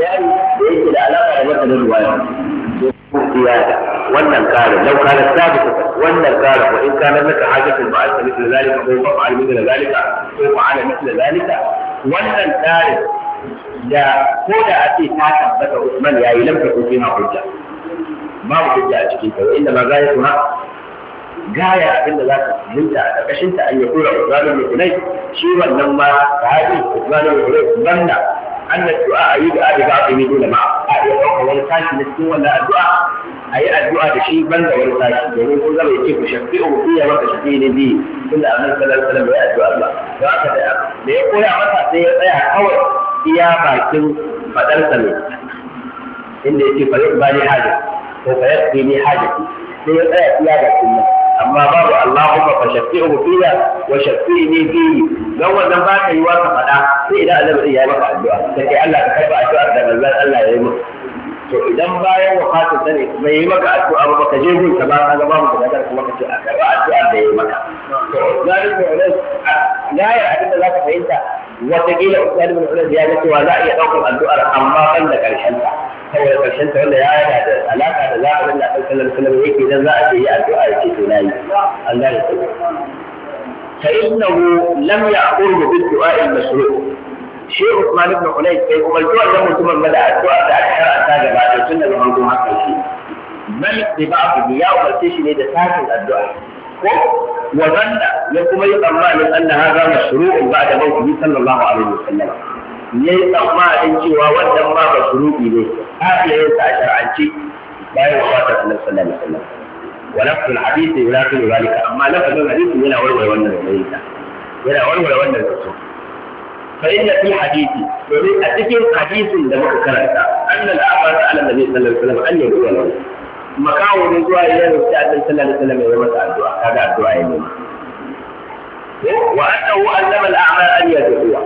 da alaka da wannan ruwaya زيادة وأن كان لو كان ثابتا وأن كان وإن كان لك حاجة بعد مثل ذلك أو فعل مثل ذلك أو فعل مثل ذلك وأن كان لا ko أتي a ce عثمان tabbata لم تكن فيها حجة ما حجة أشكيك وإنما غايتها gaya abin da za ka fahimta a ƙarƙashin ta an yi kura Usmanu bin Hunay shi wannan ma sahabi Usmanu bin Hunay banna anna du'a ayi da a abi ba'i ne dole ma a yi ɗaukar wani tashi na cikin wannan addu'a a yi addu'a da shi banda wani tashi domin ko zama yake ku shafi'u ku iya maka shafi ne biyu tunda annabi sallallahu alaihi wasallam ya addu'a ba za ka da da ya koya masa sai ya tsaya kawai iya bakin fadarsa ne inda yake fa yubani hajji ko fa ni hajji sai ya tsaya iya bakin nan amma babu Allahumma fa shafi'uhu fiya wa shafi'ni fihi dan wannan ba ka yi wa ka faɗa sai idan Allah zai yi maka addu'a sai Allah ka karba addu'ar da manzon Allah ya yi maka to idan bayan wafatin sa ne bai yi maka addu'a ba ka je gunta ba ka gaba maka daga kuma ka ce a karba addu'a da yi maka to zalim bin ulus gaya abin da za ka fahimta wataƙila zalim bin ulus ya ga cewa za a iya ɗaukar addu'ar amma ban da ƙarshen ta saboda ƙarshen ta wanda ya yana da alaƙa da za a rinna ɗan kallon kallon yake dan za a ce yi addu'a ya ce to na yi an gane ku فإنه لم يأمره بالدعاء المشروع shi Usman ibn Unais sai umarci wannan mutumin ba da addu'a da shar'anta ta da tun daga farkon haka shi bal bi ba'd ya umarce shi ne da sakin addu'a ko wa zanna ya kuma yi tsammanin anna hadha mashru'un ba'da mawtihi sallallahu alaihi wasallam ya yi tsammanin cewa wannan ma mashru'i ne a iya yin sa a shar'ance bayan wafatar annabi sallallahu alaihi wasallam ولفظ الحديث يناقض ذلك اما لفظ الحديث يناول ولا ولا ولا ولا ولا فإن في الحديث ومن أتكين حديث لم أكرر أن الأعمال على النبي صلى الله عليه وسلم أن يقول له makawo ne zuwa ya rufe a ɗan sallallahu alaihi wasallam ya masa addu'a kaga addu'a ya nema wa annahu allama al-a'mal an yad'uwa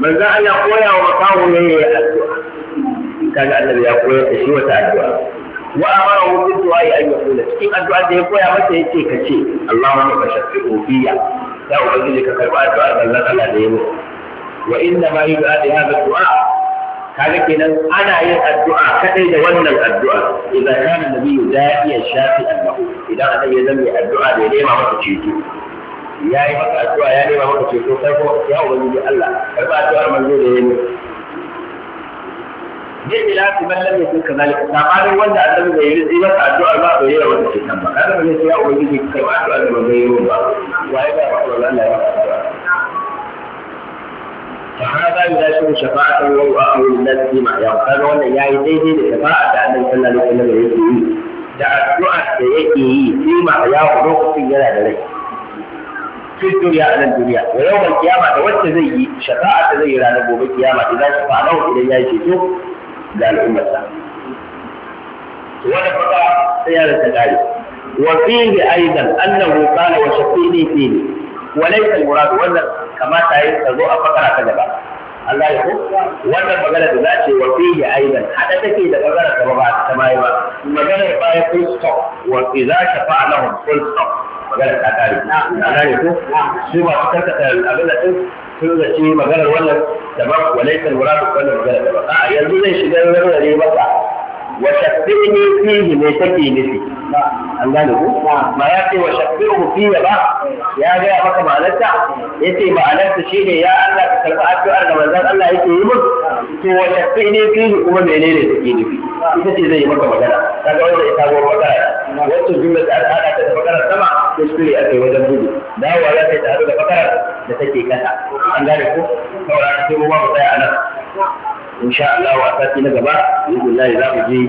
manzo Allah koya wa makawo ne ya addu'a kaga annabi ya koya da shi wata addu'a wa amara hu bi du'a an yaqula cikin addu'a da ya koya masa yace ka ce Allahumma bashir bi ya ubangiji ka karba addu'a Allah Allah da ya mutu wa inna ma yud'a bi hadha du'a kaga kenan ana yin addu'a kadai da wannan addu'a idan kana nabiyyu ya shafi annahu idan annabi zan yi addu'a da ya nema maka ceto ya yi maka addu'a ya nema maka ceto sai ko ya ubangiji Allah karba addu'ar manzo da yayi bi khilafi man lam yakun kadhalika sabanin wanda annabi bai yi zai maka addu'a ba bai yi wanda ceton ba kada ba sai ya ubangiji kai addu'a da manzo yayi ba wai ba Allah ya maka addu'a الصحابه يناشر شفاعه الله او الناس فيما يغفر ولا يعيده لشفاعه ان يصلى لكل من يده تعدد سيئه فيما يغرق في جلاله في الدنيا على الدنيا ويوم القيامه توجه زي شفاعه زي على نبوه القيامه اذا شفعناه الى جاي شيتو لا امه ونفقا سياده الغالب وفيه ايضا انه قال وشفيني فيني وليس المراد ولا kamata yi ka zo a fakara ta gaba Allah ya ko wannan magana da za ce wa fihi aidan hada take da magana ta ba ta baya ba magana ba ya full stop wa idza shafa'a lahum full stop magana ta kare Allah ya ko shi ba ta karkata abin da din sun zaci maganar wannan da ba laysa al-murad wannan magana daban a yanzu zai shiga wani rare maka wa shabbirni fihi ne take nufi an gane ku ba ya ce wa shabbirhu fihi ba ya gaya maka ma'anarta yace ma'anarta shine ya Allah ka karba addu'ar da manzon Allah yake yi mun to wa shabbirni fihi kuma menene take nufi ita ce zai yi maka magana kaga wanda ita go magana wacce jumla da aka hada ta da magana sama kuskure akai wajen gudu dawowa za ta yi da magana da take kasa an gane ku saboda sai mu ba mu tsaya a nan sha Allah wa sati na gaba bismillah za mu ji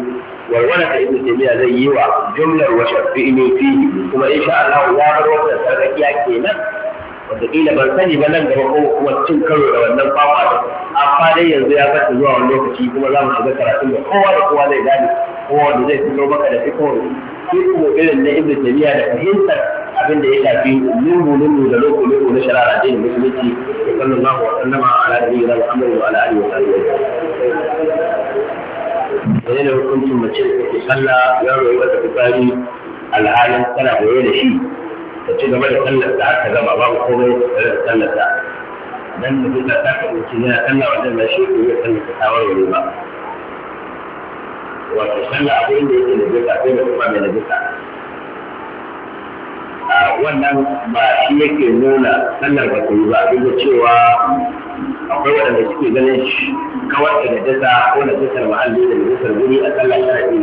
warware da ibnu zai yi wa jumlar wa shafi'i ne fi kuma insha Allah ya bar wannan sarkakiya kenan wataƙila ban sani ba nan gaba ko kuma cin karo da wannan kwakwa da amma dai yanzu ya fata zuwa wani lokaci kuma za mu shiga karatun da kowa da kowa zai gane kowa wanda zai fito maka da fito fito irin na ibnu taymiya da fahimtar abin da ya shafi lungu lungu da loko loko na shari'a da musulunci sallallahu alaihi wa sallama ala nabiyina muhammad wa ala alihi wa sahbihi menene hukuncin mace da ke sallah yaro ya wata fitsari alhalin tana koyo da shi ta ci gaba da sallar da aka gama babu komai da sallar dan da da ta ka dauki yana sallah wannan ba shi ko ya sallar ta warware ba wato sallah abin da yake da duka sai da kuma mai da A wannan ba shi yake nuna sallar ba ta yi ba duk da cewa akwai waɗanda suke ganin shi. kawar da najasa ko na najasar muhalli da najasar guri a sallar sharadi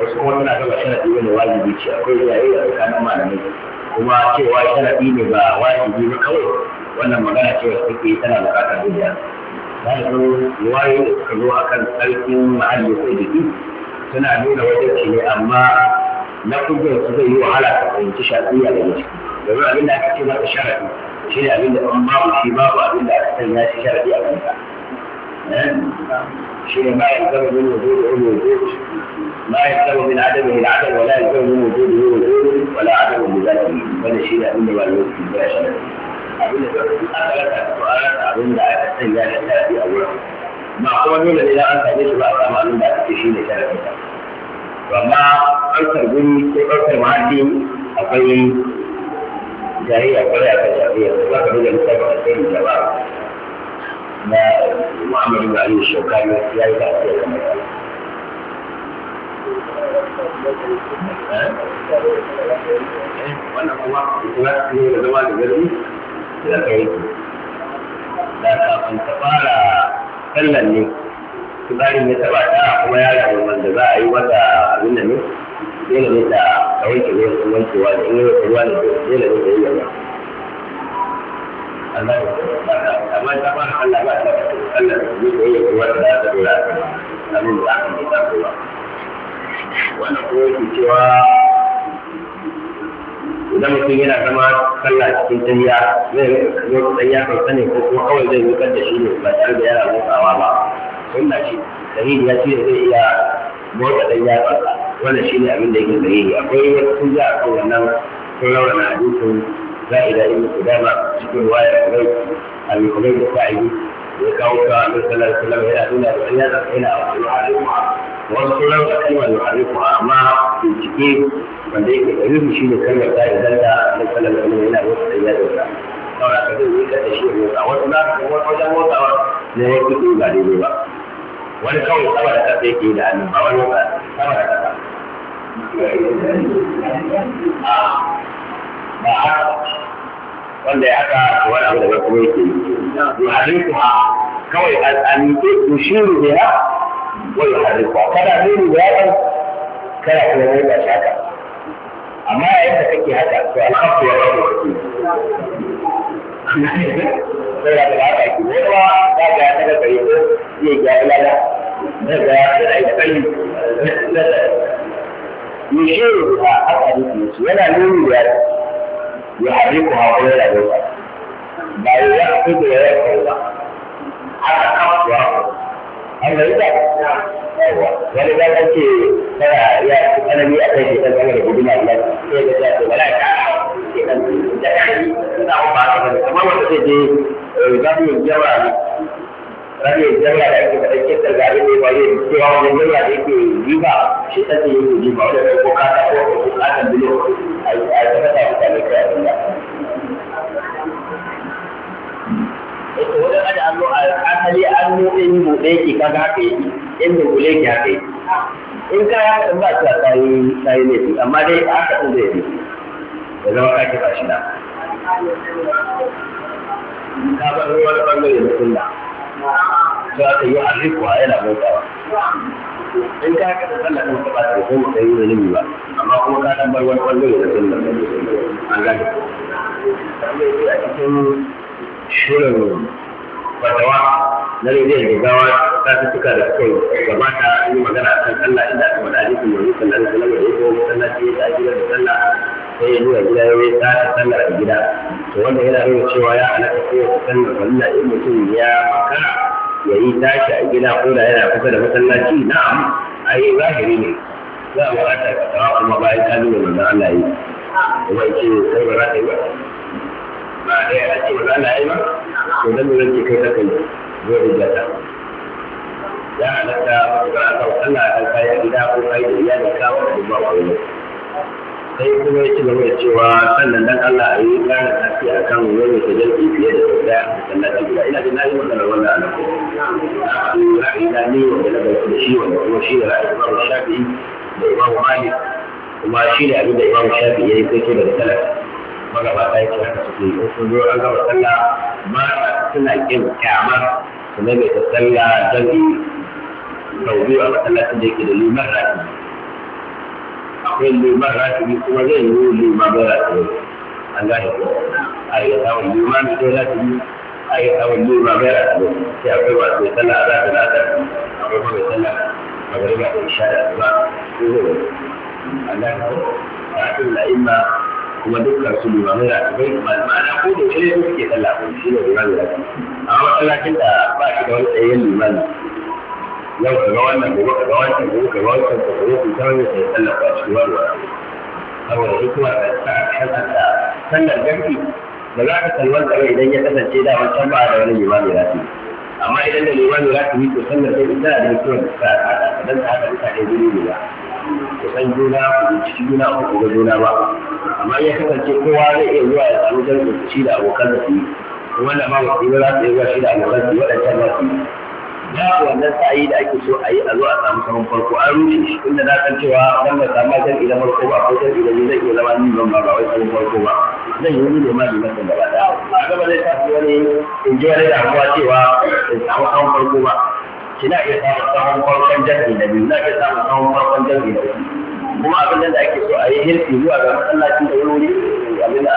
wasu kuma suna gaba sharadi wani wajibi ce akwai yayi a tsakanin malamai kuma cewa sharaɗi ne ba wajibi ba kawai wannan magana cewa wasu take tana buƙatar hujja ba ka zo wayo da suka zo a kan tsarkin muhalli ko jiki suna nuna wajen ce ne amma na hujjar su zai yi wahala ka fahimci shafiya daga ciki domin abin da aka ce maka sharaɗi shi ne abin da in babu shi babu abin da aka sanya shi sharaɗi a kanka eh? شيء ما يلزم من وجوده الوجود ما يلزم من عدمه العدم ولا يلزم من وجوده الوجود ولا عدم لذاته ولا شيء من الوجود مباشرة أبن لا تأتي أولا ما kuma dole ne an same shi ba a samu abin da aka ce shi ne sharafin to amma ɗaukar guri ko ɗaukar mahadi akwai jariya kwarai a kan shafiya ba ka ba na muhammadu da aliyu shekari ya yi lafiya da mai wannan kuma kuma ne da zama da gari da aka yi da kafin ta fara sallan ne ne ya taba ta kuma ya rayu wanda za a yi wata abin da ne dole ne ta wanke kuma wankewa da in yi wata ruwa da dole ne da yi yawa Allah ta fara ba ta ko da ta yi idan mutum yana zama sallah cikin tayya zai yi tayya kan sani ko kuma kawai zai wukar da shi ne ba tare da yana motsawa ba sunna ce sahihi ya ce zai iya motsa tayya kan wannan shine abin da yake sahihi akwai wasu sun a kan wannan sun raura sa'ida ibn Qudama cikin waya Ubay al-Ubay al yi ya kawo ka Annabi sallallahu alaihi wasallam yana nuna da ya zaka ina al-Harifa wasu sunan da kalma al-Harifa amma bincike wanda yake da rubu shi ne da idan da zanta sallallahu alaihi wasallam yana wasu da ya zaka saboda ka zai ka da shi motsa wasu na wajen motsawa ne wasu su ba daidai ba wani kawai sama da kasa yake da hannu ba wani ba sama da kasa ba a wanda ya haka wani abu da wata wai ke ha kawai al'amitu yushiru biha wa yuharrikuha kada nuni da yaron kada kuma motsa shi haka amma yadda kake haka to alhamdu ya wani kake sai da ba ka ki wani ma za ka ya taga kai ko zai ga ilala na ga ya tsaya ya tsayi yushiru biha haka ne yana nuni da yaron يحرقها ويلعبها ما يأخذ ويأخذها على الأرض وأخذها أما إذا هو ولذا قلت فلا يا أنا لي أتيت إلى الأمر بدون أن لا ولا يتعلم إذا كان إذا أعطى هذا الأمر وتجد بعض الجوانب ranar jalla da ke da gari ne ba yin cewa wani jalla da yake yi ba shi ta ce yake yi ba ko kata ko ko kata bilo a yi a ta fata mutane kai da. Ito wajen aji allo a asali allo ɗin buɗe ki yi in da kule ki haka In ka ya ba ta ta laifi amma dai haka ɗin zai Ya zama ka kifa Ka bar wani ɓangare na sunna. to aka yi a yana bautawa. in ka haka da sallah ɗin ka ba ta kai da yi zalimi ba amma kuma ka dan bar wani ɓangare da sallah an gane a cikin shirin fatawa na rediyon gaggawa ta ta cika da suka gabata yi magana kan sallah inda aka faɗa hadisin manzo sallallahu alaihi wasallam da ya kawo masallaci ya ta da sallah sai ya nuna gida ya yi ta sallar a gida to wanda yana nuna cewa ya halatta sai ya sallar wanda in mutum ya makara ya yi tashi a gida ko da yana kusa da masallaci na'am ai zahiri ne za a buƙatar ka kawo kuma bayan ka nuna manzon Allah yi kuma ya ce sai ba za ka yi ba ba a ɗaya ake ce manzon Allah yi ba to dan nuna ke kai kakai kai zai rijata ya alaka ba ka kawo sallah a kan kayan gida ko kai da iyalin kawo da ba ko sai kuma ya ci gaba da cewa sannan dan Allah a yi ƙarin tafi a kan wani da jalki fiye da sau ɗaya a masallaci guda ina jin nayi wannan wannan a nan ko ra'ayi na ne wanda na gaba da shi wanda kuma shi da ra'ayi imamu shafi da imamu malik kuma shi da abin da imamu shafi ya yi da daga Magaba ta yi ce haka suke yi sun zo an gama sallah ma suna ƙin kyamar su mai ta sallah don sau biyu a masallacin da yake da limar rafi zai liman bi kuma zai yi liman bai ratibi an gane ko a yi tsawon liman bai ratibi a yi tsawon liman bai ratibi sai akwai wasu ya tsalla a za nata akwai kuma ya tsalla magariba da isha da ba ko zai an gane ko a cikin la'imma kuma dukkan su limamai da akwai ma'ana ko da wani suke tsalla ko shi ne limamai da amma masallacin da ba shi da wani tsayayyen limami yau ka ga wannan gobe ka ga wancan gobe ka ga wancan ka gobe ku tawo sai Allah ba shi wannan saboda hikima da ta shaka da sannan ganki, da za ka kalmar da idan ya kasance da wancan ba da wani limami yi. amma idan da limami rafi yi, to sannan sai ita da hikima da ta hada dan ta hada mutane guri ne ba ku san juna ku ci juna ku ku ga juna ba amma ya kasance kowa zai iya zuwa ya samu garki ci da abokan da su wannan ma ba ku za su iya zuwa shi da abokan su waɗancan ma su babu wannan sa'ayi da ake so a yi a zo a samu saman farko an rushe shi inda na san cewa dan ba samu zan idan farko ba ko zan idan zai iya zama ni ban ba ba wai saman farko ba zan yi wani ma da masa gaba da a gaba zai tafi wani in ji wani damuwa cewa in samu saman farko ba kina iya samun saman farkon jami'i da biyu na iya samun saman farkon jami'i da biyu kuma abin da ake so a yi hirki zuwa ga masallacin da wuri abin da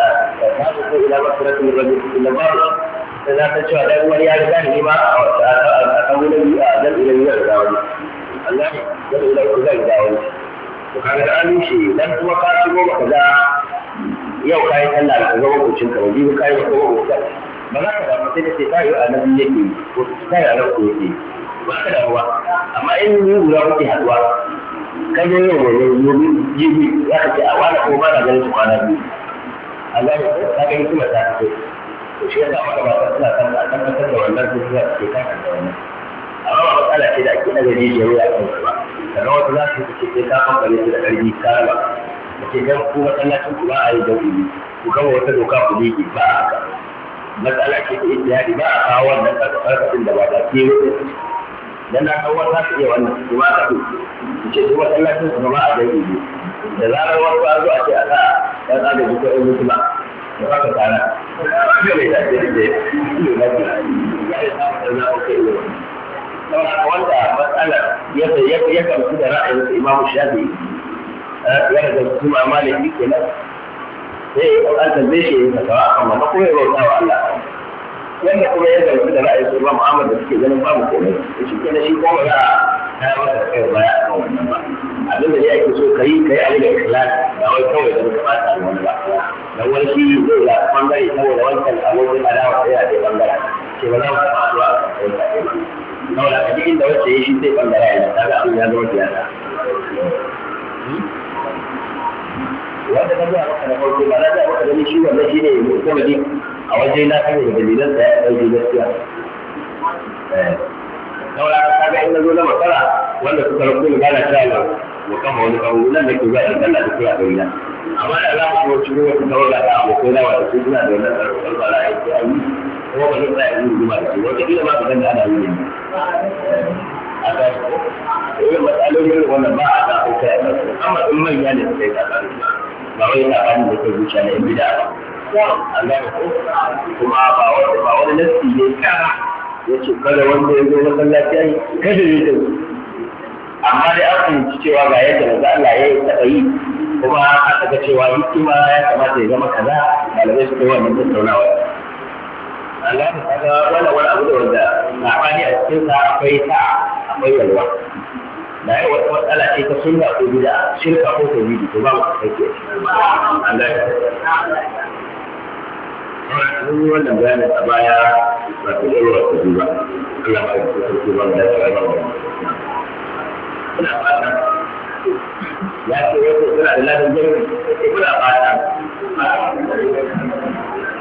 a tafi ko ila masarar da babu sai na san cewa dan wani ya riga ni ma a kan wani a zan ila ila da wani Allah ya ila ila zan da wani to kaga da an shi dan kuma ka shigo ka za yau kai sallah ka zama kucin ka wani ka kai maka wani ka ba za ka damu sai da sai kai annabi yake ko kai annabi yake ba ka damu ba amma in ni guda kuke haduwa kai ne yau ne yobi jibi za ka ce a wani ko ba na ganin su kwana biyu Allah ya ka ga hikimar ta fito to shi yana maka ba suna kan a tabbatar da wannan ko suna ke kan wannan amma ba matsala ce da ake nazari da yawa kan ba sannan wata za su ce sai ka bambare su da ƙarfi ka raba da masallacin ku ba a yi dauri ku kawo wata doka ku miƙe ba a haka matsala ce ta ijtihadi ba a kawo wannan karkashin da ba da ke wuce dan na kawo za su iya wannan kuma ka ku ce ku masallacin ku ba a dauri da zarar wani ba zo a ce a sa ɗan da ba ka tsara zai da da da ilu na biyu ya yi samun da yi a kai ilu wanda matsalar yadda ya kamsu da ra'ayin sa imamu shafi eh, ya da kuma maliki kenan sai an tambaye shi ya fatawa akan na ko ya bauta wa Allah Yadda kuma ya zarfi da ra'ayin su Imam Ahmad da suke ganin ba babu komai shi da shi kuma ba za a kai masa kai baya kan wannan ba abin da ya ke so ka yi ka yi abin da ikhlas ba wai kawai da ka fata da wani ba dan wani shi zai la bangare saboda wancan abokin adawa sai ya ce bangare ke ba za mu taɓa zuwa a kan kawai a cikin da wacce ya shi zai bangare ya ta ga abin ya zama siyasa hmm? wanda ka zuwa maka na farko ba za zuwa maka gani shi wannan shi ne mutumadi a waje na kan da dalilan da ya ɗauke gaskiya eh. saboda ka ga in na zo na makara wanda suka rabu ni ba na mu kama wani kawo nan da ke zuwa da sallah da kira da wila amma da za mu ko shiru wata tawaga ta abokai na wata suna da wannan tsarkar ba za a yi ko an yi kuma ba zai tsaya yi rigima da shi wata kila ma ka ganda ana yi ne a ga irin matsalolin wannan ba a ta ko kai a kansu amma in manya ne kai ta tsakanin ba wai tsakanin da ke zuciya na yan bida ba an ko kuma ba wani ba wani nasi ne kara ya kada wanda ya zo masallaci ai kada ya zo amma dai an fahimci cewa ga yadda maza Allah ya taɓa yi kuma aka ga cewa hikima ya kamata ya zama kaza malamai su kai wannan tattaunawa Allah ta kaga wannan wani abu da wanda sabani a cikin sa akwai sa akwai yalwa na yi wata matsala ce ta sunna ko bid'a shirka ko tauhidi to ba mu kake Allah ya an yi wannan bayanin a baya ba ta yi wa ta duba Allah ba ya ta duba da ta yi suna fata ya ce wai suna da ladan jami'i suna